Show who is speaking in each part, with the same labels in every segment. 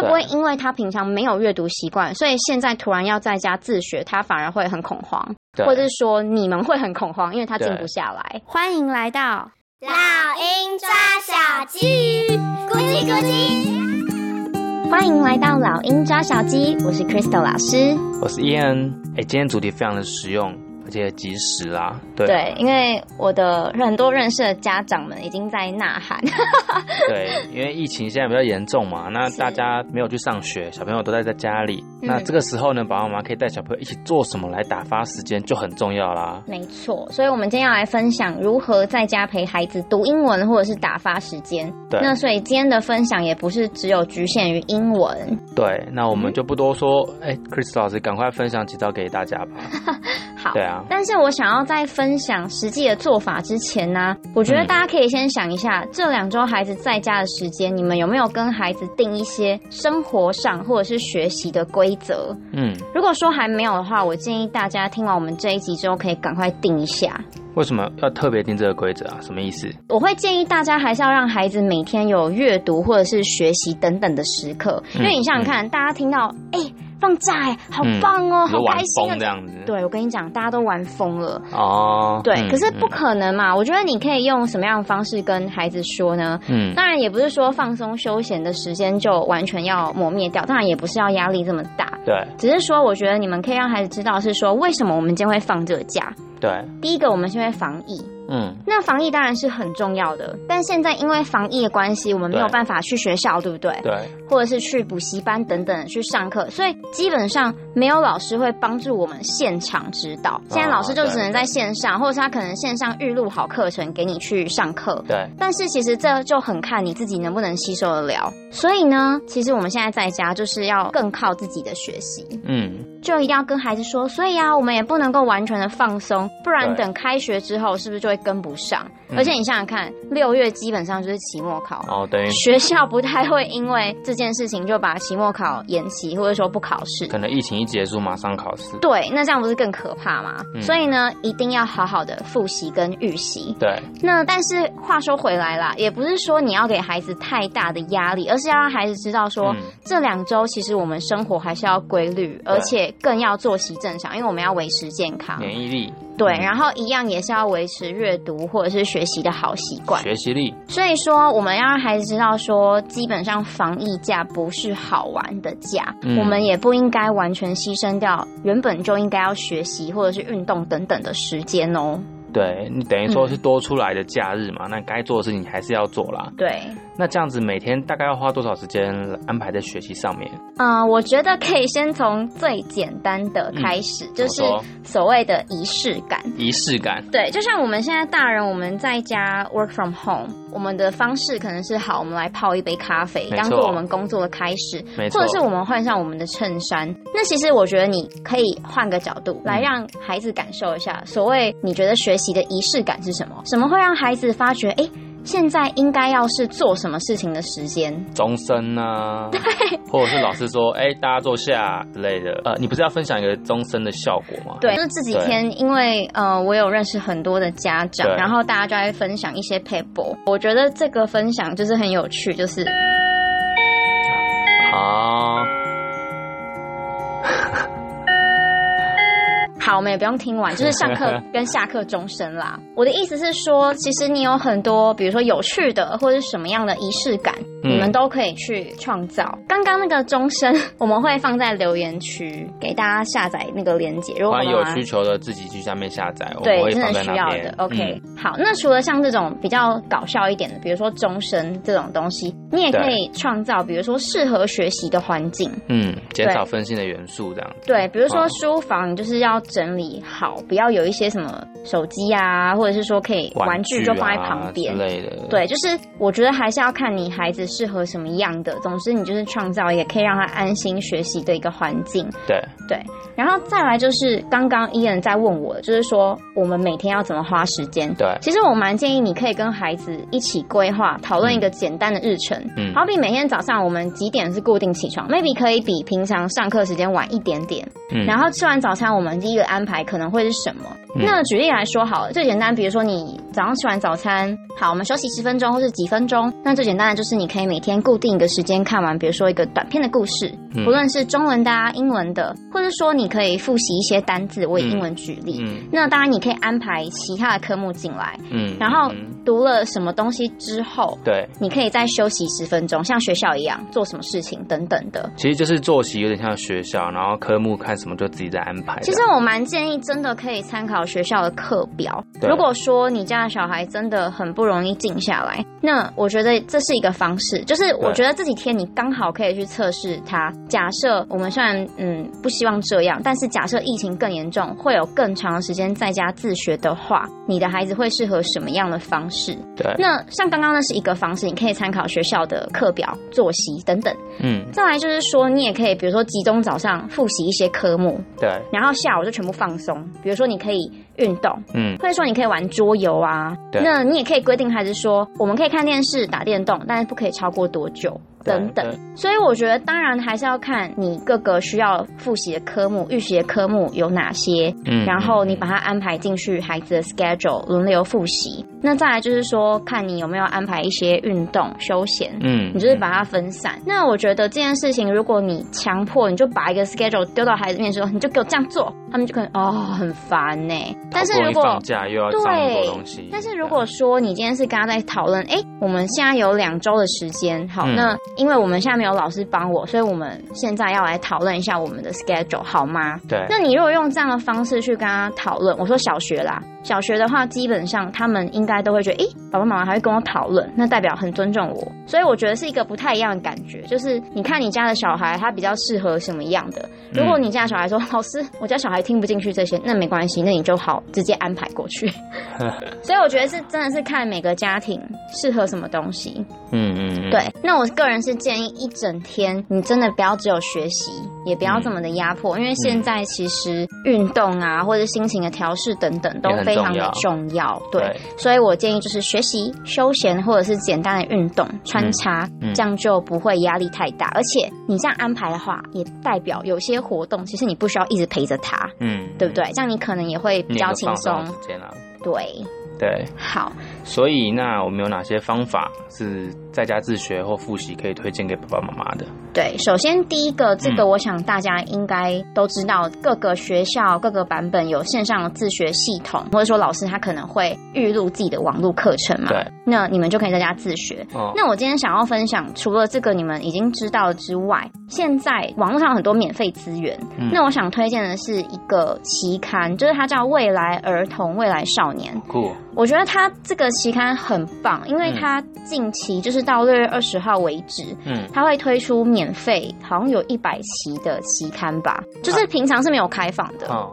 Speaker 1: 會不會因
Speaker 2: 為他平常沒有閱讀習慣，所以現在突然要在家自學，他反而會很恐慌，或者是說你們會很恐慌，因為他靜不下來。歡來咕咕咕咕。歡迎來到老英抓小雞，咕嘰咕嘰。歡迎來到老英抓小雞，我是 Crystal 老師，
Speaker 1: 我是 Ian。欸，今天主題非常的實用。而且及時啦對、啊，對，
Speaker 2: 因為我的很多認識的家長們已經在吶喊。
Speaker 1: 對，因為疫情現在比較嚴重嘛，那大家沒有去上學，小朋友都待在家裡、嗯。那這個時候呢，爸爸媽媽可以帶小朋友一起做什麼來打發時間就很重要啦。
Speaker 2: 沒錯，所以我們今天要來分享如何在家陪孩子讀英文或者是打發時間。對，那所以今天的分享也不是只有局限於英文。
Speaker 1: 對，那我們就不多說，哎、嗯、，Chris 老師趕快分享幾招給大家吧。 對啊，
Speaker 2: 但是我想要在分享實際的做法之前呢、啊，我覺得大家可以先想一下，嗯、這兩周孩子在家的時間，你們有沒有跟孩子定一些生活上或者是學習的規則？嗯，如果說還沒有的話，我建議大家聽完我們這一集之後，可以趕快定一下。
Speaker 1: 為什麼要特別定這個規則啊？什麼意思？
Speaker 2: 我會建議大家還是要讓孩子每天有閱讀或者是學習等等的時刻、嗯，因為你想想看，嗯、大家聽到哎。欸放假哎，好棒哦，喔，嗯，好開心，喔這樣子！對，我跟你講，大家都玩瘋了。
Speaker 1: 哦，oh，對，嗯，可是不可
Speaker 2: 能嘛，嗯。我覺得你可以用什麼樣的方式跟孩子說呢？嗯，當然也不是說放鬆休閒的時間就完全要抹滅掉，當然也不是要壓力這麼大。對，只是說我覺得你們可以讓孩子知道是說為什麼我們今天會放這個假。對，第一個我們先會防疫。嗯，那防疫當然是很重要的，但現在因為防疫的關係，我們沒有辦法去學校，對，對不對？對，或者是去補習班等等去上課，所以基本上沒有老師會幫助我們現場指導。現在老師就只能在線上，哦、或者他可能線上預錄好課程給你去上課。對，但是其實這就很看你自己能不能吸收得了。所以呢，其實我們現在在家就是要更靠自己的學習。嗯，就一定要跟孩子說，所以啊，我們也不能夠完全的放鬆，不然等開學之後，是不是就會。跟不上，而且你想想看，嗯、六月基本上就是期末考，oh，等於，學校不太會因為這件事情就把期末考延期，或者說不考
Speaker 1: 試。可能疫情一結束馬上考試。
Speaker 2: 對，那這樣不是更可怕嗎？嗯、所以呢，一定要好好的複習跟預習。對。那但是話說回來啦，也不是說你要給孩子太大的壓力，而是要讓孩子知道說，嗯、這兩週其實我們生活還是要規律，而且更要作息正常，因為我們要維持健康免疫力。對，然後一樣也是要維持閱讀或者是學習的好習慣，
Speaker 1: 學習力。
Speaker 2: 所以說，我們要讓孩子知道說基本上防疫假不是好玩的假。嗯，我們也不應該完全犧牲掉原本就應該要學習或者是運動等等的時間哦。
Speaker 1: 對，你等於說是多出來的假日嘛。嗯，那該做的事情還是要做啦。對。那這樣子每天大概要花多少時間安排在學習上面？嗯、
Speaker 2: 呃，我覺得可以先從最簡單的開始，嗯、就是所謂的儀式感。
Speaker 1: 儀式感，
Speaker 2: 對，就像我們現在大人，我們在家 work from home，我們的方式可能是好，我們來泡一杯咖啡，當做我們工作的開始，或者是我們換上我們的襯衫。那其實我覺得你可以換個角度來讓孩子感受一下，嗯、所謂你覺得學習的儀式感是什麼？什麼會讓孩子發覺？哎、欸。現在應該要是做什麼事情的時間？
Speaker 1: 鐘聲啊，
Speaker 2: 對， 或者是老
Speaker 1: 師說，哎、欸，大家坐下之、啊、類的。呃，你不是要分享一個鐘聲的效果嗎？對，就是這幾天，
Speaker 2: 因為呃，我有認識很多的家長，然後大家就在分享一些 paper。我覺得這個分享就是很有趣，就是。好。
Speaker 1: 好好，我
Speaker 2: 們也不用聽完，就是上課跟下課鐘聲啦。 我的意思是說，其實你有很多，比如說有趣的或者什麼樣的儀式感、嗯，你們都可以去創造。剛剛那個鐘聲，我們會放在留言區給大家下載那個鏈接。如果、啊、有需
Speaker 1: 求的，自己去下面下載。對，我真的需要的。OK，、嗯、
Speaker 2: 好，那除了像這種比較搞笑一點的，比如說鐘聲這種東西，你也可以創造，比如說適合學習的環境，
Speaker 1: 嗯，減少分心的元素這樣對，
Speaker 2: 對，比如說書房，你就是要。整理好，不要有一些什麼手機啊，或者是說可以玩具就放在旁邊、啊、之類的、對，對，就是我覺得還是要看你孩子適合什麼樣的。總之，你就是創造也可以讓他安心學習的一個環境。對對，然後再來就是剛剛伊恩在問我，就是說我們每天要怎麼花時間？對，其實我蠻建議你可以跟孩子一起規劃討論一個簡單的日程，嗯，好比每天早上我們幾點是固定起床、嗯、，maybe 可以比平常上課時間晚一點點。嗯，然後吃完早餐，我們第一個。安排可能會是什麼？那舉例來說好了，好、嗯，最簡單，比如說你早上吃完早餐，好，我們休息十分鐘或是幾分鐘。那最簡單的就是你可以每天固定一個時間看完，比如說一個短片的故事。嗯、不論是中文的、啊、英文的，或者說你可以複習一些單字，我以英文舉例嗯。嗯，那當然你可以安排其他的科目進來。嗯，然後讀了什麼東西之後，對、嗯嗯，你可以再休息十分鐘，像學校一樣做什麼事情等等的。
Speaker 1: 其實就是作息有點像學校，然後科目看什麼就自己在安排。其實
Speaker 2: 我蠻建議，真的可以參考學校的課表。如果說你家的小孩真的很不容易靜下來，那我覺得這是一個方式。就是我覺得這幾天你剛好可以去測試他。假設我們雖然嗯不希望這樣，但是假設疫情更嚴重，會有更長的時間在家自學的話，你的孩子會適合什麼樣的方式？對。那像剛剛那是一個方式，你可以參考學校的課表、作息等等。嗯。再來就是說，你也可以，比如說集中早上複習一些科目。對。然後下午就全部放鬆，比如說你可以運動，嗯，或者說你可以玩桌遊啊。對。那你也可以規定孩子說，我們可以看電視、打電動，但是不可以超過多久。等等，okay. 所以我覺得，當然還是要看你各個，個需要複習的科目、預習的科目有哪些，嗯嗯，然後你把它安排進去孩子的 schedule，輪流複習。那再來就是說，看你有沒有安排一些運動休閒，嗯，你就是把它分散。嗯、那我覺得這件事情，如果你強迫，你就把一個 schedule 丟到孩子面前說，你就給我這樣做，他們就可能哦很煩呢。但是如果，對。但是如果說你今天是跟他在討論，哎、欸，我們現在有兩週的時間，好、嗯，那因為我們現在沒有老師幫我，所以我們現在要來討論一下我們的 schedule，好嗎？對。那你如果用這樣的方式去跟他討論，我說小學啦，小學的話，基本上他們應大家都會覺得，咦、欸，爸爸媽媽還會跟我討論，那代表很尊重我，所以我覺得是一個不太一樣的感覺。就是你看你家的小孩，他比較適合什麼樣的？如果你家的小孩說、嗯，老師，我家小孩聽不進去這些，那沒關係，那你就好直接安排過去。 所以我覺得是真的是看每個家庭適合什麼東西。嗯，嗯嗯
Speaker 1: 嗯嗯嗯。對，
Speaker 2: 那我個人是建議一整天，你真的不要只有學習。也不要這麼的壓迫，因為現在其實運動啊，或者心情的調試等等都非常的重要，也很重要。對，所以我建議就是學習、休閒或者是簡單的運動穿插，嗯，這樣就不會壓力太大。而且你這樣安排的話，也代表有些活動其實你不需要一直陪着他，嗯，對不對？這樣你可能也會比較輕鬆。棒棒啊，對對，好。
Speaker 1: 所以，那我們有哪些方法是在家自學或複習可以推薦給爸爸媽媽的？
Speaker 2: 對，首先第一個，這個我想大家應該都知道，嗯、各個學校各個版本有線上的自學系統，或者說老師他可能會預錄自己的網絡課程嘛。對。那你們就可以在家自學。哦。那我今天想要分享，除了這個你們已經知道之外，現在網絡上有很多免費資源。嗯。那我想推薦的是一個期刊，就是它叫《未來兒童·未來少年》。酷。我覺得它這個。期刊很棒，因為他近期就是到六月二十號為止，嗯，他會推出免費，好像有一百期的期刊吧，就是平常是沒有開放的。
Speaker 1: 嗯、啊，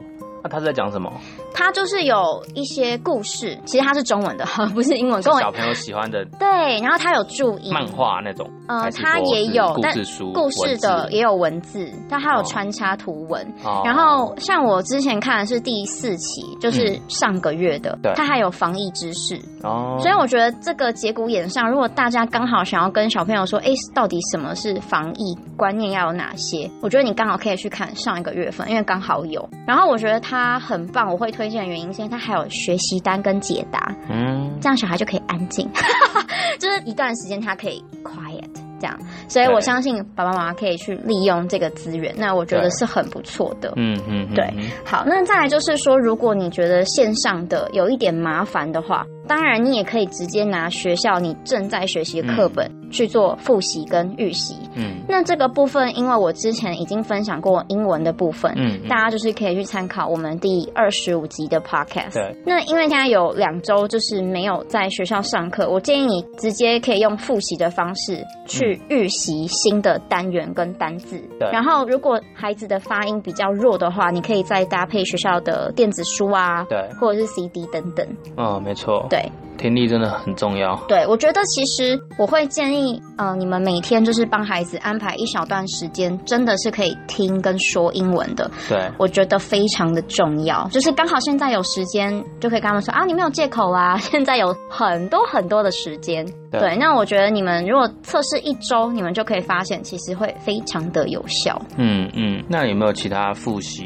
Speaker 1: 那、啊、它是在講什麼？
Speaker 2: 他就是有一些故事，其實他是中文的，不是英文。跟小朋友喜歡的對，然後他有注音漫
Speaker 1: 畫那種，呃、嗯，他、嗯、也有但故事的也
Speaker 2: 有文字，但他有穿插圖文、哦。然後像我之前看的是第四期，就是上個月的，他、嗯、還有防疫知識哦、嗯，所以我覺得這個節骨眼上，如果大家剛好想要跟小朋友說，哎，到底什麼是防疫觀念，要有哪些？我覺得你剛好可以去看上一個月份，因為剛好有。然後我覺得他很棒，我會推。關鍵原因，因為他還有學習單跟解答，嗯，這樣小孩就可以安靜， 就是一段時間他可以 quiet 這樣，所以我相信爸爸媽媽可以去利用這個資源，那我覺得是很不錯的，嗯嗯，嗯，對，好，那再來就是說，如果你覺得線上的有一點麻煩的話。當然，你也可以直接拿學校你正在學習的課本去做複習跟預習。嗯，那這個部分，因為我之前已經分享過英文的部分，嗯，大家就是可以去參考我們第二十五集的 podcast。對。那因為現在有兩周就是沒有在學校上課，我建議你直接可以用複習的方式去預習新的單元跟單
Speaker 1: 字，嗯。對。然後，
Speaker 2: 如果孩子的發音比較弱的話，你可以再搭配學校的電子書啊，對，或者是 CD 等等。
Speaker 1: 哦，沒錯。對，聽力真的很重要。
Speaker 2: 對，我覺得其實我會建議，呃，你們每天就是幫孩子安排一小段時間，真的是可以聽跟說英文的。對，我覺得非常的重要。就是剛好現在有時間，就可以跟他們說啊，你沒有借口啊，現在有很多很多的時間。對，那我覺得你們如果測試一周，你們就可以發現其實會非常的有效。
Speaker 1: 嗯嗯，那有沒有其他複習？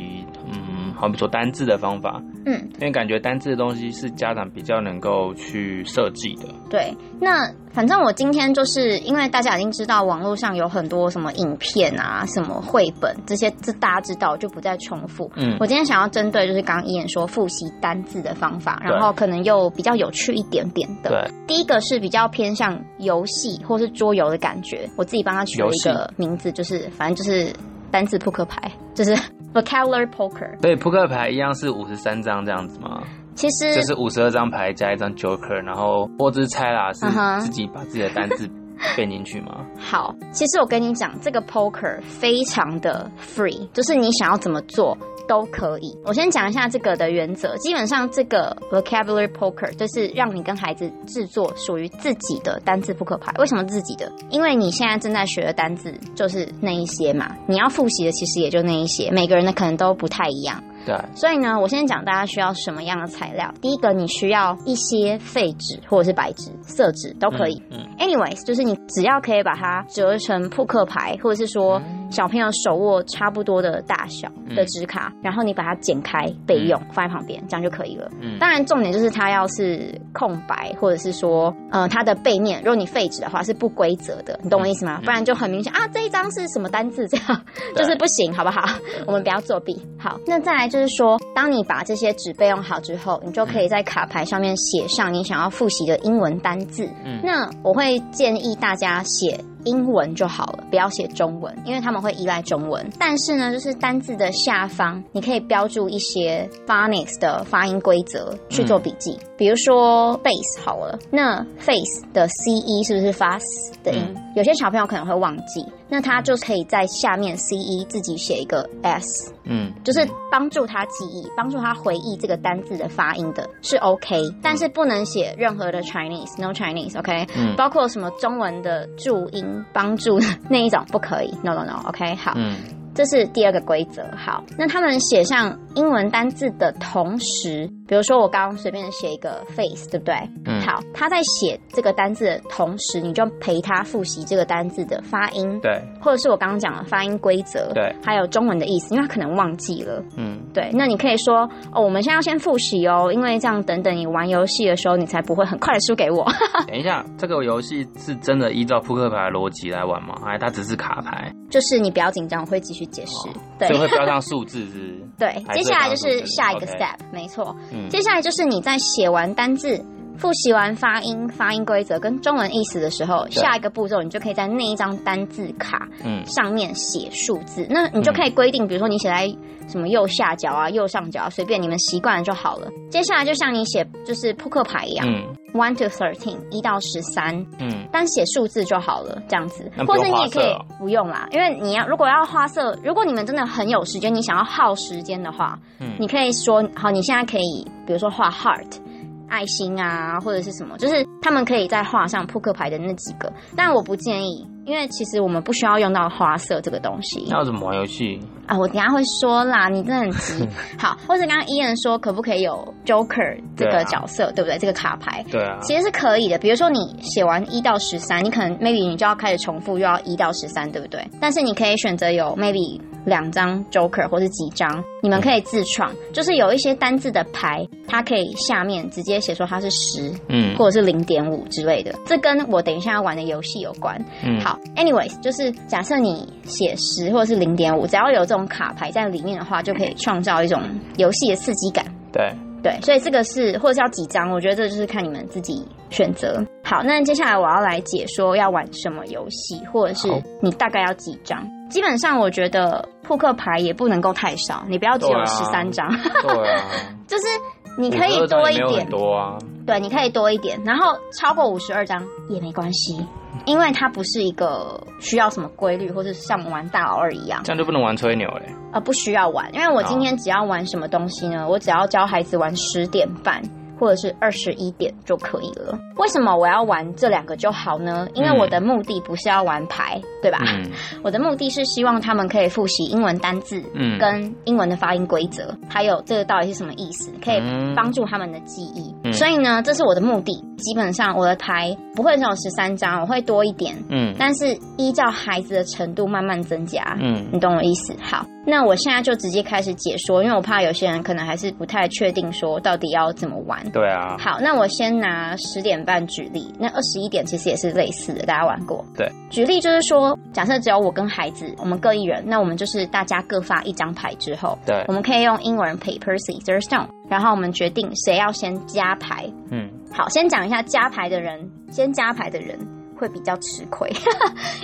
Speaker 1: 好像不錯，比如說單字的方法，嗯，因為感覺單字的東西是家長比較能夠去設計的。
Speaker 2: 對，那反正我今天就是因為大家已經知道網絡上有很多什麼影片啊、什麼繪本這些，這大家知道就不再重複。嗯，我今天想要針對就是剛剛一眼說複習單字的方法，然後可能又比較有趣一點點的。對，第一個是比較偏向遊戲或是桌遊的感覺，我自己幫他取了一個名字，就是反正就是單字撲克牌，就是。Vocabulary Poker，
Speaker 1: 對，撲克牌一樣是五十三張這樣子嗎？
Speaker 2: 其實就是五
Speaker 1: 十二張牌加一張 Joker，然後波之猜啦是自己把自己的單字變進去嗎？
Speaker 2: 好，其實我跟你講，這個 Poker 非常的 free，就是你想要怎麼做。都可以。我先講一下這個的原則。基本上，這個 vocabulary poker 就是讓你跟孩子制作屬於自己的單字撲克牌。為什麼自己的？因為你現在正在學的單字就是那一些嘛，你要複習的其實也就那一些。每個人的可能都不太一樣。對啊。所以呢，我先講大家需要什麼樣的材料。第一個，你需要一些廢紙或者是白紙、色紙都可以。嗯，嗯。Anyways，就是你只要可以把它折成撲克牌，或者是說。小朋友手握差不多的大小的紙卡、嗯，然後你把它剪開備用、嗯，放在旁邊，這樣就可以了。嗯，當然重點就是它要是空白，或者是說，呃，它的背面，如果你廢紙的話是不規則的，你懂我意思嗎？嗯、不然就很明顯啊，這一張是什麼單字，這
Speaker 1: 樣就是
Speaker 2: 不行，好不好？我們不要作弊。好，那再來就是說，當你把這些紙備用好之後，你就可以在卡牌上面寫上你想要複習的英文單字。嗯，那我會建議大家寫。英文就好了，不要寫中文，因為他們會依賴中文。但是呢，就是單字的下方，你可以標註一些 phonics 的發音規則去做筆記、嗯。比如說 face 好了，那 face 的 c e 是不是發 s 的音、嗯？有些小朋友可能會忘記，那他就可以在下面 c e 自己寫一個 s。嗯，就是幫助他記憶，幫助他回憶這個單字的發音的是 OK，嗯，但是不能寫任何的 Chinese，no Chinese，OK，嗯，包括什麼中文的注音幫助那一種不可以，no no no，OK，好，嗯，這是第二個規則。好，那他們寫上英文單字的同時。比如說我剛剛隨便寫一個 face，對不對？嗯。好，他在寫這個單字的同時，你就陪他復習這個單字的發音。對。或者是我剛剛講的發音規則。對。還有中文的意思，因為他可能忘記了。嗯。對。那你可以說哦、喔，我們現在要先復習哦、喔，因為這樣等等你玩遊戲的時候，你才不會很快的輸給我。
Speaker 1: 等一下，這個遊戲是真的依照撲克牌邏輯來玩嗎？哎，它只是卡牌。
Speaker 2: 就是你不要緊張，我會繼續解釋、哦。對。就會標上
Speaker 1: 數字，是不是？ 對，接下來就是下一個 step，下一個 step okay，沒錯、嗯。接下來
Speaker 2: 就是你在寫完單字、複習完發音、發音規則跟中文意思的時候，下一個步驟你就可以在那一張單字卡上面寫數字、嗯。那你就可以規定，比如說你寫在什麼右下角啊、嗯、右上角啊，隨便你們習慣了就好了。接下來就像你寫就是撲克牌一樣。嗯 One to thirteen，一到十三，嗯，單寫數字就好了，這樣子那，或是你也可以不用啦，因為你要，如果要花色，如果你們真的很有時間，你想要耗時間的話，嗯，你可以說，好，你現在可以，比如說畫 heart。愛心啊，或者是什麼，就是他們可以再畫上撲克牌的那幾個，但我不建議，因為其實我們不需要用到花色這個東
Speaker 1: 西。那我怎麼玩遊戲啊？我
Speaker 2: 等一下會說啦，你真的很急。 好，或者剛剛 Ian 說可不可以有 Joker 這個角色，對不、啊、對？這個卡牌，對啊，其實是可以的。比如說你寫完一到十三，你可能 maybe 你就要開始重複又要一到十三，對不對？但是你可以選擇有 maybe。兩張 Joker，或是幾張，你們可以自創、嗯。就是有一些單字的牌，它可以下面直接寫說它是十，
Speaker 1: 嗯，或者是
Speaker 2: 零點五之類的。這跟我等一下要玩的遊戲有關。嗯、好，anyways，就是假設你寫十或是零點五，只要有這種卡牌在裡面的話，就可以創造一種遊戲的刺激感。對。對，所以這個是或者是要幾張？我覺得這就是看你們自己選擇。好，那接下來我要來解說要玩什麼遊戲，或者是你大概要幾張？基本上我覺得撲克牌也不能夠太少，你不要只有十三張，對啊，對啊、 就是你可以多一點，多啊，對，你可以多一點，然後超過五十二張也沒關係。因為它不是一個需要什麼規律，或者像玩大老二一樣，
Speaker 1: 這樣就不能玩吹牛嘞。啊、
Speaker 2: 呃，不需要玩，因為我今天只要玩什麼東西呢？哦、我只要教孩子玩十點半。或者是二十一點就可以了。為什麼我要玩這兩個就好呢？因為我的目的不是要玩牌，嗯。對吧？嗯。我的目的是希望他們可以複習英文單字，嗯，跟英文的發音規則，嗯，還有這個到底是什麼意思，可以幫助他們的記憶，嗯。所以呢，這是我的目的。基本上，我的牌不會只有十三張，我會多一點。嗯。但是依照孩子的程度慢慢增加。嗯。你懂我意思？好。那我現在就直接開始解說，因為我怕有些人可能還是不太確定，說到底要怎麼玩。
Speaker 1: 對啊。好，
Speaker 2: 那我先拿十點半舉例，那二十一點其實也是類似的，大家玩過。對。舉例就是說，假設只有我跟孩子，我們各一人，那我們就是大家各發一張牌之後，對。我們可以用英文 paper, scissors, stone，然後我們決定誰要先加牌。嗯。好，先講一下加牌的人，先加牌的人。會比較吃虧，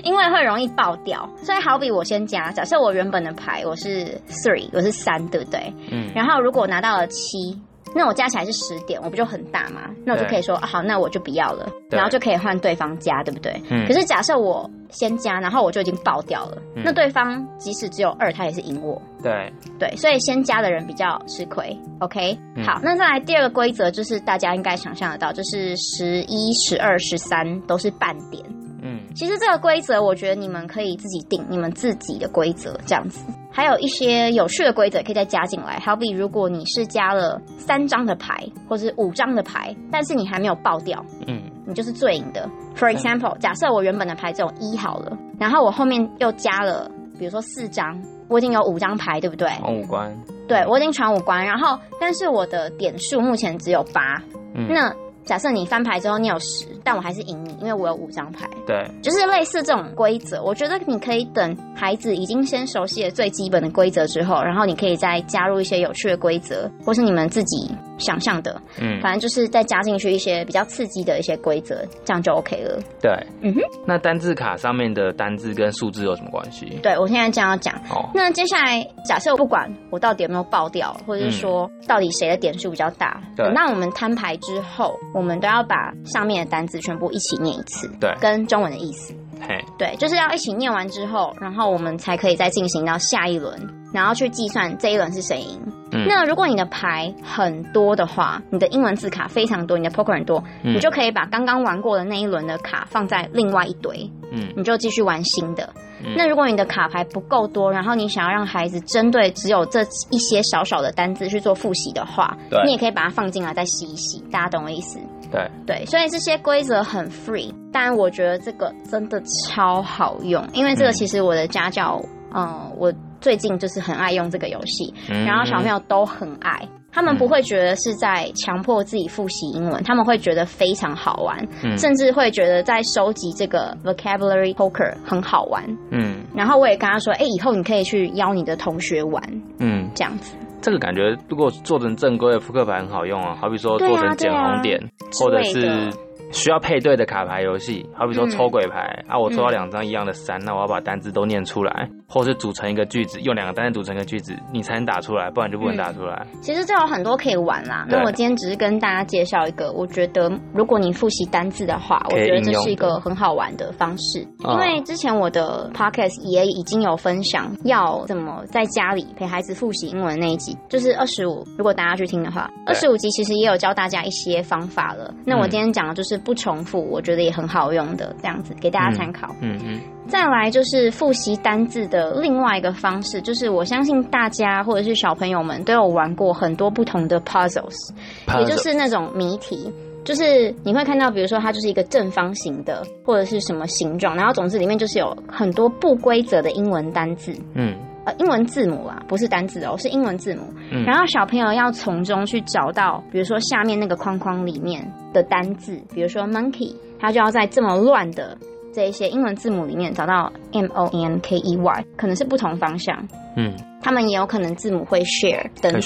Speaker 2: 因為會容易爆掉。所以好比我先加，假設我原本的牌我是 three，我是三，對不對？嗯，然後如果拿到了七。那我加起來是十點，我不就很大嗎？那我就可以說，啊、好，那我就不要了，然後就可以換對方加，對不對？嗯。可是假設我先加，然後我就已經爆掉了，嗯、那對方即使只有二，他也是贏我。對對，所以先加的人比較吃虧。OK，嗯，好，那再來第二個規則就是大家應該想象得到，就是十一、十二、十三都是半點。嗯，其實這個規則我覺得你們可以自己定，你們自己的規則這樣子。還有一些有趣的規則可以再加進來，好比如果你是加了三張的牌或者五張的牌，但是你還沒有爆掉，嗯，你就是最贏的。For example，、嗯、假設我原本的牌只有一好了，然後我後面又加了，比如說四張，我已經有五張牌，對不對？闖
Speaker 1: 五關。
Speaker 2: 對，我已經闖五關，然後但是我的點數目前只有八，嗯，那。假設你翻牌之後你有十，但我還是贏你，因為我有五張牌。
Speaker 1: 對，就是
Speaker 2: 類似這種規則。我覺得你可以等孩子已經先熟悉了最基本的規則之後，然後你可以再加入一些有趣的規則，或是你們自己想象的。嗯，反正就是再加進去一些比較刺激的一些規則，這樣就 OK 了。對，嗯
Speaker 1: 哼。那單字卡上面的單字跟數字有什麼關係？
Speaker 2: 對，我現在這樣要講。哦。那接下來假設不管我到底有沒有爆掉，或者是說到底誰的點數比較大，那，嗯，我們攤牌之後。我們都要把上面的單字全部一起念一次，對，跟中文的意思，嘿，對，就是要一起念完之後，然後我們才可以再進行到下一輪，然後去計算這一輪是誰贏。嗯，那如果你的牌很多的話，你的英文字卡非常多，你的 poker 很多，嗯，你就可以把剛剛玩過的那一輪的卡放在另外一堆，嗯，你就繼續玩新的。那如果你的卡牌不夠多，然後你想要讓孩子針對只有這一些少少的單字去做複習的話，你也可以把它放進來再洗一洗，大家懂我的意思？對對，所以這些規則很 free，但我覺得這個真的超好用，因為這個其實我的家教，嗯，呃、我最近就是很愛用這個遊戲、嗯，然後小朋友都很愛。他們不會覺得是在強迫自己複習英文，嗯，他們會覺得非常好玩，嗯，甚至會覺得在收集這個 vocabulary poker 很好玩。嗯，然後我也跟他說，哎，欸，以後你可以去邀你的同學玩。嗯，這樣子。
Speaker 1: 這個感覺如果做成正規的撲克牌很好用啊，好比說做成撿紅點，啊啊，或者是需要配對的卡牌遊戲，好比說抽鬼牌，嗯，啊，我抽到兩張一樣的三，嗯，那我要把單字都念出來。或是組成一個句子，用兩個單詞組成一個句子，你才能打出來，不然就不能打出來。嗯。
Speaker 2: 其實這有很多可以玩啦。那我今天只是跟大家介紹一個，我覺得如果你複習單字的話，我覺得這是一個很好玩的方式。因為之前我的 podcast 也已經有分享要怎麼在家裡陪孩子複習英文的那一集，就是二十五。如果大家去聽的話，二十五集其實也有教大家一些方法了。那我今天講的就是不重複，我覺得也很好用的，這樣子給大家參考。嗯嗯。再來就是複習單字的另外一個方式，就是我相信大家或者是小朋友們都有玩過很多不同的 puzzles，puzzles，也就是那種謎題，就是你會看到，比如說它就是一個正方形的，或者是什麼形狀，然後總之裡面就是有很多不規則的英文單字，嗯，呃英文字母啦，不是單字哦、喔，是英文字母，嗯，然後小朋友要從中去找到，比如說下面那個框框裡面的單字，比如說 monkey，它就要在這麼亂的這一些英文字母裡面找到 M O N K E Y，可能是不同方向。嗯，他們也有可能字母會 share 等等，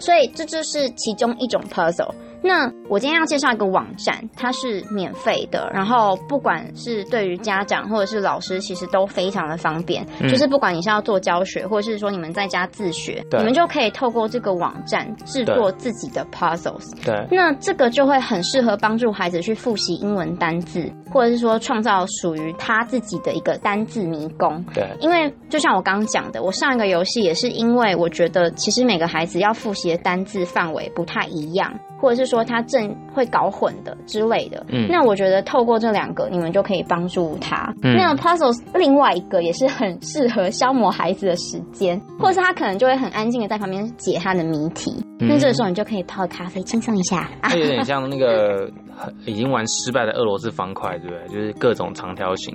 Speaker 2: 所以這就是其中一種 puzzle。那我今天要介紹一個網站，它是免費的，然後不管是對於家長或者是老師，其實都非常的方便。嗯。就是不管你是要做教學，或者是說你們在家自學，你們就可以透過這個網站製作自己的 puzzles。對，那這個就會很適合幫助孩子去複習英文單字，或者是說創造屬於他自己的一個單字迷宮。對，因為就像我剛剛講的，我上一個遊戲也是因為我覺得，其實每個孩子要複習的單字範圍不太一樣。或者是說他正會搞混的之類的、嗯，那我覺得透過這兩個，你們就可以幫助他、嗯。那 puzzles 另外一個也是很適合消磨孩子的時間、嗯，或者是他可能就會很安靜的在旁邊解他的謎題、嗯。那這個時候你就可以泡咖啡，輕鬆一下、
Speaker 1: 嗯。它有點像那個已經玩失敗的俄羅斯方塊，對不對？就是各種長條形。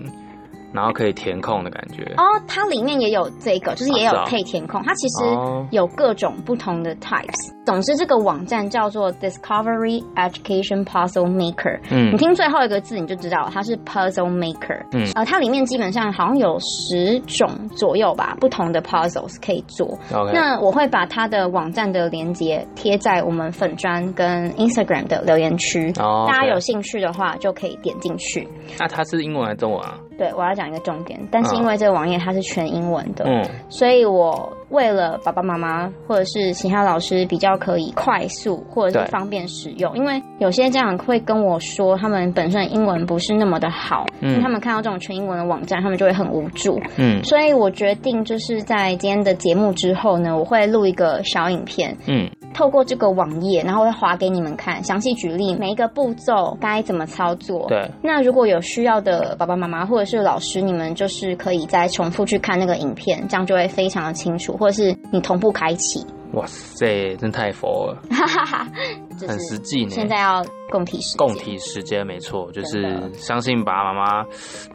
Speaker 1: 然後可以填空的感覺哦
Speaker 2: ，oh, 它裡面也有這個，就是也有配填空。啊，它其實有各種不同的 types，oh。總之，這個網站叫做 Discovery Education Puzzle Maker。嗯，你聽最後一個字，你就知道它是 Puzzle Maker。嗯，呃，它裡面基本上好像有十種左右吧，不同的 puzzles 可以做。Okay. 那我會把它的網站的連結貼在我們粉專跟 Instagram 的留言區，oh, okay. 大家有興趣的話就可以點進去。
Speaker 1: 那它是英文還是中文啊？
Speaker 2: 對，我要講一個重點，但是因為這個網頁它是全英文的，嗯，所以我為了爸爸媽媽或者是其他老師比較可以快速或者是方便使用，因為有些家長會跟我說他們本身英文不是那麼的好，嗯，他們看到這種全英文的網站，他們就會很無助，嗯，所以我決定就是在今天的節目之後呢，我會錄一個小影片，嗯。透過這個網頁，然後會滑給你們看，詳細舉例每一個步驟該怎麼操作。對，那如果有需要的爸爸媽媽或者是老師，你們就是可以再重複去看那個影片，這樣就會非常的清楚。或者是你同步開啟，
Speaker 1: 哇塞，真太佛了，
Speaker 2: 哈哈，很實際呢。現在要
Speaker 1: 共體時間，共體時間沒錯，就是相信爸爸媽媽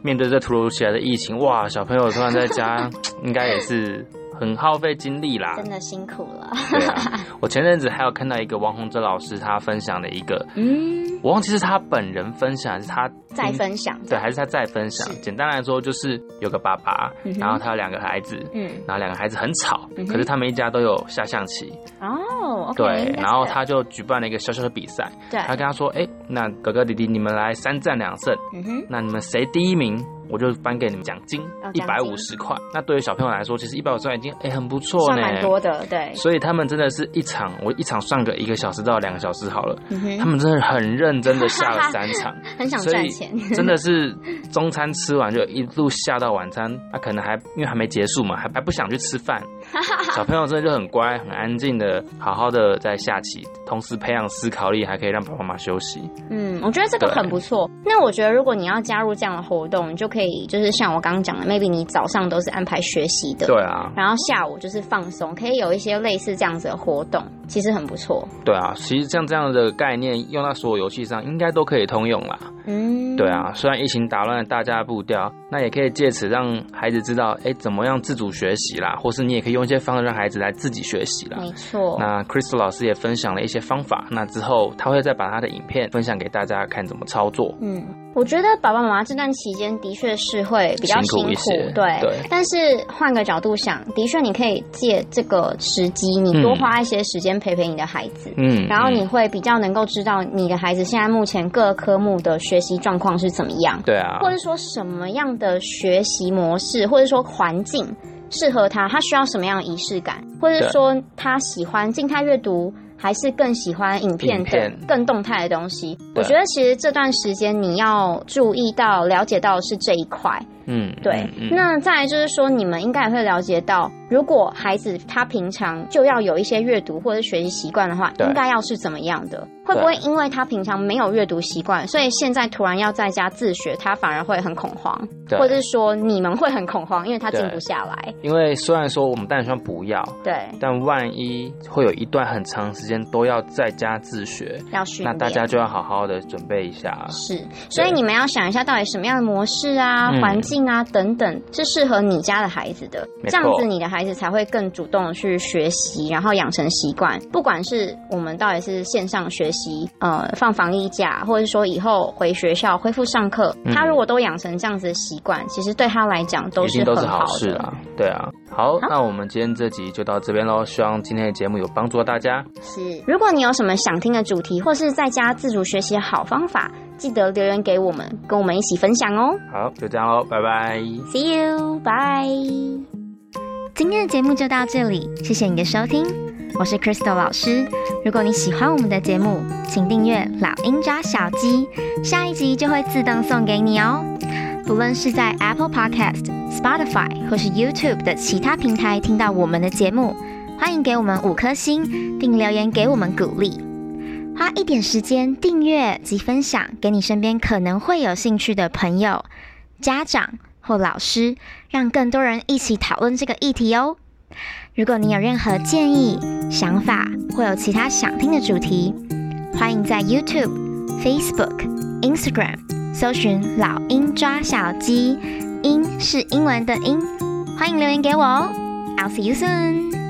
Speaker 1: 面對這突如其來的疫情，哇，小朋友突然在家，應該也是。 很耗費精力啦，真
Speaker 2: 的辛苦了。
Speaker 1: 對啊，我前陣子還有看到一個王洪哲老師，他分享了一個嗯。我忘記是他本人分享，還是他在分享，對，還是他在分享？簡單來說，就是有個爸爸，嗯、然後他有兩個孩子，嗯，然後兩個孩子很吵、嗯，可是他們一家都有下象棋哦、嗯。
Speaker 2: 對，然後他就
Speaker 1: 舉辦了一個小小、小的比賽、哦 okay，他跟他說：“哎、欸，那哥哥弟弟你們來三戰兩勝，嗯哼，那你們誰第一名，我就頒給你們獎金一百五十塊。哦”那對於小朋友來說，其實一百五十塊已經哎很不錯呢，蠻多的，對。所以他們真的是一場，我一場算個一個小時到兩個小時好
Speaker 2: 了、嗯哼，他們真的很
Speaker 1: 認、嗯。認真的下了三場。 很想賺錢，所以真的是中餐吃完就一路下到晚餐，他、啊、可能還因為還沒結束嘛，還還不想去吃飯。 小朋友真的就很乖，很安靜的，好好的在下棋，同時培養思考力，還可以讓爸爸媽媽休息。
Speaker 2: 嗯，我覺得這個很不錯。那我覺得如果你要加入這樣的活動，你就可以就是像我剛剛講的，maybe 你早上都是安排學習的，對啊，然後下午就是放鬆，可以有一些類似這樣子的活動，其實很不錯。
Speaker 1: 對啊，其實像這樣的概念用到所有遊戲上，應該都可以通用啦。嗯，對啊，雖然疫情打亂了大家的步調。那也可以借此讓孩子知道，哎、欸，怎麼樣自主學習啦，或是你也可以用一些方式讓孩子來自己學習啦。
Speaker 2: 沒錯。那
Speaker 1: Crystal 老師也分享了一些方法，那之後他會再把他的影片分享給大家看怎麼操作。嗯。
Speaker 2: 我覺得爸爸媽媽這段期間的確是會比較辛苦，辛苦對，對。但是換個角度想，的確你可以借這個時機你多花一些時間陪陪你的孩子，嗯，然後你會比較能夠知道你的孩子現在目前各科目的學習狀況是怎麼樣，對啊，或者說什麼樣的學習模式，或者說環境適合他，他需要什麼樣的儀式感，或者說他喜歡靜態閱讀。還是更喜歡影片的更動態的東西。我覺得其實這段時間你要注意到、了解到的是這一塊。嗯，對。那再來就是說，你們應該也會了解到，如果孩子他平常就要有一些閱讀或者學習習慣的話，應該要是怎麼樣的？會不會因為他平常沒有閱讀習慣，所以現在突然要在家自學，他反而會很恐慌？對，或者說你們會很恐慌，因為他靜不下來。
Speaker 1: 因為雖然說我們單算不要，對，但萬一會有一段很長時間都要在家自學，
Speaker 2: 要學。那大家就要
Speaker 1: 好好的準備一下。是，
Speaker 2: 所以你們要想一下，到底什麼樣的模式啊，嗯，環境。啊等等，是適合你家的孩子的，這樣子你的孩子才會更主動的去學習，然後養成習慣。不管是我們到底是線上學習，呃，放防疫假，或者是說以後回學校恢復上課，嗯，他如果都養成這樣子的習慣，其實對他來講都，都是好事啊。
Speaker 1: 對啊，好，啊、那我們今天這集就到這邊嘍。希望今天的節目有幫助大家。是，如果
Speaker 2: 你有什麼想聽的主題，或是在家自主學習的好方法。記得留言給我們，跟我們一起分享哦。好，
Speaker 1: 就這樣嘍，拜拜。
Speaker 2: See you，拜拜。今天的節目就到這裡，謝謝你的收聽。我是 Crystal 老師。如果你喜歡我們的節目，請訂閱《老英抓小雞》，下一集就會自動送給你哦。不論是在 Apple Podcast、Spotify 或是 YouTube 的其他平台聽到我們的節目，歡迎給我們五顆星，並留言給我們鼓勵。花一點時間訂閱及分享給你身邊可能會有興趣的朋友、家長或老師，讓更多人一起討論這個議題哦。如果你有任何建議、想法，或有其他想聽的主題，歡迎在 YouTube、Facebook、Instagram 搜尋“老英抓小雞”，英是英文的英，歡迎留言給我哦。I'll see you soon.